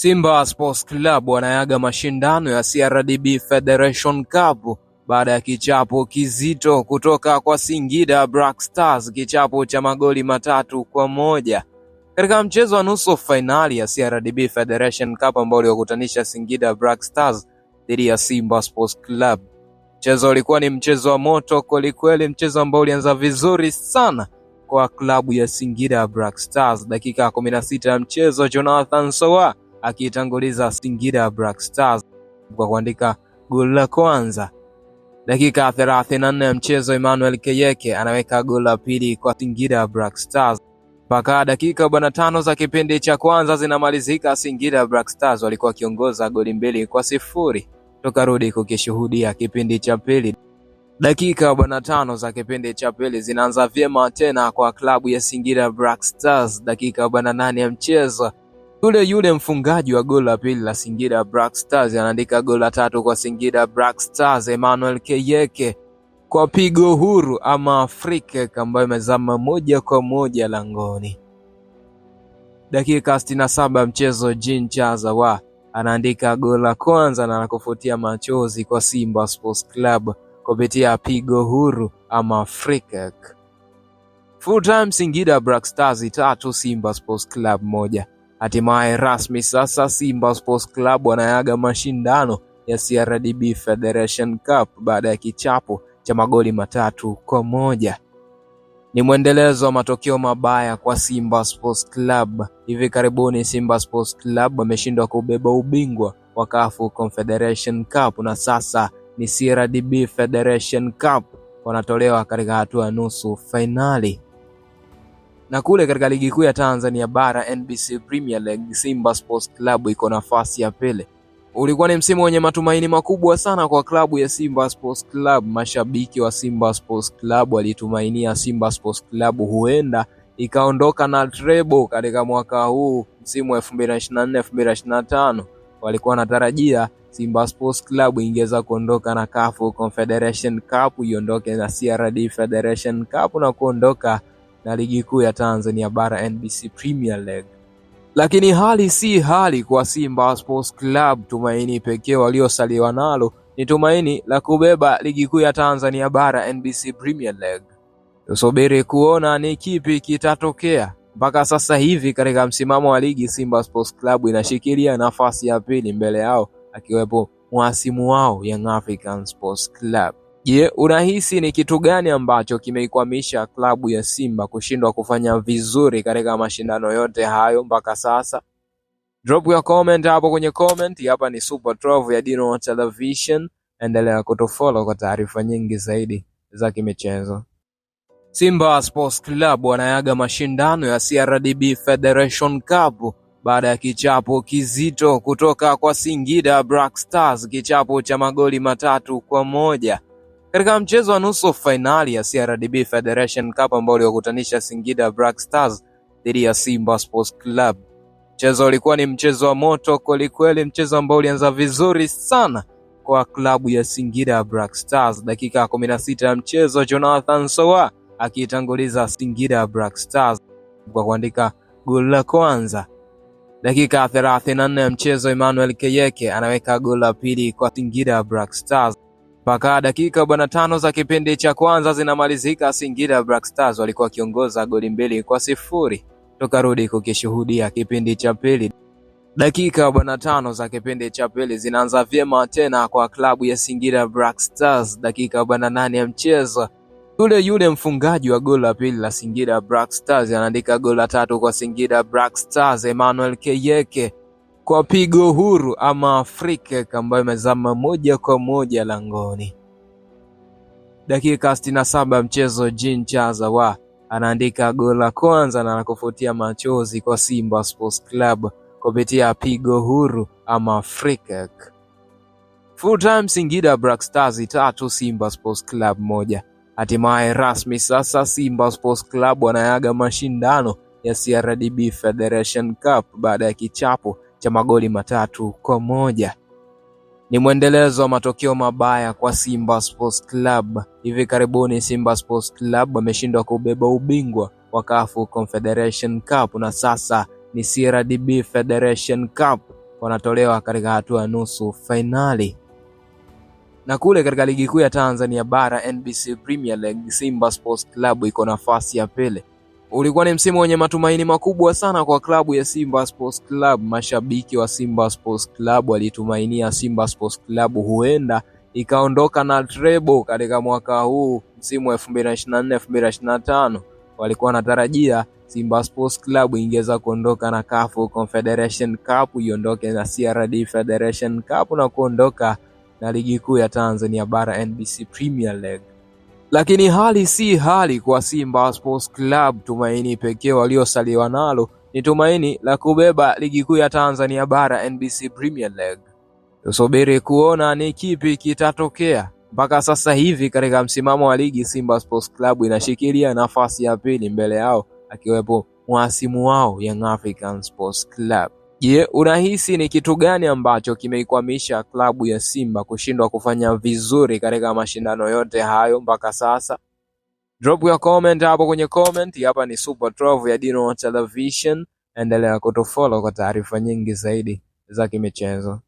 Simba Sports Club wanayaga mashindano ya CRDB Federation Cup baada ya kichapo kizito kutoka kwa Singida Black Stars, kichapo cha magoli matatu kwa moja katika mchezo wa nusu fainali ya CRDB Federation Cup ambao uliokutanisha Singida Black Stars dhidi ya Simba Sports Club. Mchezo ulikuwa ni mchezo wa moto kwelikweli, mchezo ambao ulianza vizuri sana kwa klabu ya Singida Black Stars. Dakika ya kumi ya mchezo, Jonathan Sowa akiitanguliza Singida Black Stars kwa kuandika goli la kwanza. Dakika 34 ya mchezo, Emmanuel Keyeke anaweka goli la pili kwa Singida Black Stars. Mpaka dakika arobaini tano za kipindi cha kwanza zinamalizika, Singida Black Stars walikuwa wakiongoza goli mbili kwa sifuri. Tukarudi kukishuhudia kipindi cha pili. Dakika arobaini tano za kipindi cha pili zinaanza vyema tena kwa klabu ya Singida Black Stars. Dakika arobaini nane ya mchezo yule yule mfungaji wa goli la pili la Singida Black Stars anaandika goli la tatu kwa Singida Black Stars, Emmanuel Keyeke kwa pigo huru ama free kick ambayo imezama moja kwa moja langoni. Dakika 67 mchezo, Jean wa anaandika goli la kwanza na kufutia machozi kwa Simba Sports Club kupitia pigo huru ama free kick. Full time Singida Black Stars tatu Simba Sports Club moja. Hatimaye rasmi sasa Simba Sports Club wanayaga mashindano ya CRDB Federation Cup baada ya kichapo cha magoli matatu kwa moja. Ni mwendelezo wa matokeo mabaya kwa Simba Sports Club. Hivi karibuni Simba Sports Club wameshindwa kubeba ubingwa wa CAF Confederation Cup na sasa ni CRDB Federation Cup wanatolewa katika hatua ya nusu fainali na kule katika ligi kuu ya Tanzania bara NBC Premier League, Simba Sports Club iko nafasi ya pele. Ulikuwa ni msimu wenye matumaini makubwa sana kwa klabu ya Simba Sports Club. Mashabiki wa Simba Sports Club walitumainia Simba Sports Club huenda ikaondoka na trebo katika mwaka huu msimu 2024 2025. Walikuwa wanatarajia Simba Sports Club ingeweza kuondoka na CAF Confederation Cup, iondoke na CRD Federation Cup na kuondoka na ligi kuu ya Tanzania bara NBC Premier League. Lakini hali si hali kwa Simba Sports Club. Tumaini pekee waliosaliwa nalo ni tumaini la kubeba ligi kuu ya Tanzania bara NBC Premier League. Tusubiri kuona ni kipi kitatokea. Mpaka sasa hivi katika msimamo wa ligi, Simba Sports Club inashikilia nafasi ya pili mbele yao akiwepo mwasimu wao Young African Sports Club. Je, unahisi ni kitu gani ambacho kimeikwamisha klabu ya Simba kushindwa kufanya vizuri katika mashindano yote hayo mpaka sasa? Drop your comment hapo kwenye comment. Hapa ni Super Trove ya Dino Television, endelea kutufollow kwa taarifa nyingi zaidi za kimichezo. Simba Sports Club wanayaga mashindano ya CRDB Federation Cup baada ya kichapo kizito kutoka kwa Singida Black Stars, kichapo cha magoli matatu kwa moja. Katika mchezo wa nusu fainali ya CRDB Federation Cup ambao uliwakutanisha Singida Black Stars dhidi ya Simba Sports Club, mchezo ulikuwa ni mchezo wa moto kwelikweli, mchezo ambao ulianza vizuri sana kwa klabu ya Singida Black Stars. Dakika ya 16 ya mchezo, Jonathan Sowa akiitanguliza Singida Black Stars kwa kuandika goli la kwanza. Dakika ya ya mchezo, Emmanuel Keyeke anaweka goli la pili kwa Singida Black Stars. Mpaka dakika 45 tano za kipindi cha kwanza zinamalizika Singida Black Stars walikuwa wakiongoza goli mbili kwa sifuri tukarudi kukishuhudia kipindi cha pili. Dakika 45 tano za kipindi cha pili zinaanza vyema tena kwa klabu ya Singida Black Stars. Dakika 48 ya mchezo yule yule mfungaji wa goli la pili la Singida Black Stars anaandika goli la tatu kwa Singida Black Stars, Emmanuel Keyeke kwa pigo huru ama Afrika ambayo imezama moja kwa moja langoni. Dakika 67 mchezo, Jean Chaza wa anaandika goli la kwanza na anakufutia machozi kwa Simba Sports Club kupitia pigo huru ama Afrika. Full time Singida Black Stars tatu Simba Sports Club moja. Hatimaye rasmi sasa Simba Sports Club wanayaga mashindano ya CRDB Federation Cup baada ya kichapo cha magoli matatu kwa moja. Ni mwendelezo wa matokeo mabaya kwa Simba Sports Club. Hivi karibuni Simba Sports Club wameshindwa kubeba ubingwa wa CAF Confederation Cup na sasa ni CRDB Federation Cup, wanatolewa katika hatua nusu fainali. Na kule katika ligi kuu ya Tanzania bara NBC Premier League, Simba Sports Club iko nafasi ya pili Ulikuwa ni msimu wenye matumaini makubwa sana kwa klabu ya Simba Sports Club. Mashabiki wa Simba Sports Club walitumainia Simba Sports Club huenda ikaondoka na trebo katika mwaka huu, msimu 2024 2025. Walikuwa wanatarajia Simba Sports Club ingeweza kuondoka na CAF Confederation Cup, iondoke na CRD Federation Cup na kuondoka na ligi kuu ya Tanzania bara NBC Premier League. Lakini hali si hali kwa Simba Sports Club. Tumaini pekee waliosaliwa nalo ni tumaini la kubeba ligi kuu ya Tanzania bara NBC Premier League. Tusubiri kuona ni kipi kitatokea. Mpaka sasa hivi katika msimamo wa ligi, Simba Sports Club inashikilia nafasi ya pili, mbele yao akiwepo mwasimu wao Young African Sports Club. Je unahisi ni kitu gani ambacho kimeikwamisha klabu ya Simba kushindwa kufanya vizuri katika mashindano yote hayo mpaka sasa drop your comment hapo kwenye comment hapa ni Super 12 ya Dino Television endelea kutufollow kwa taarifa nyingi zaidi za kimichezo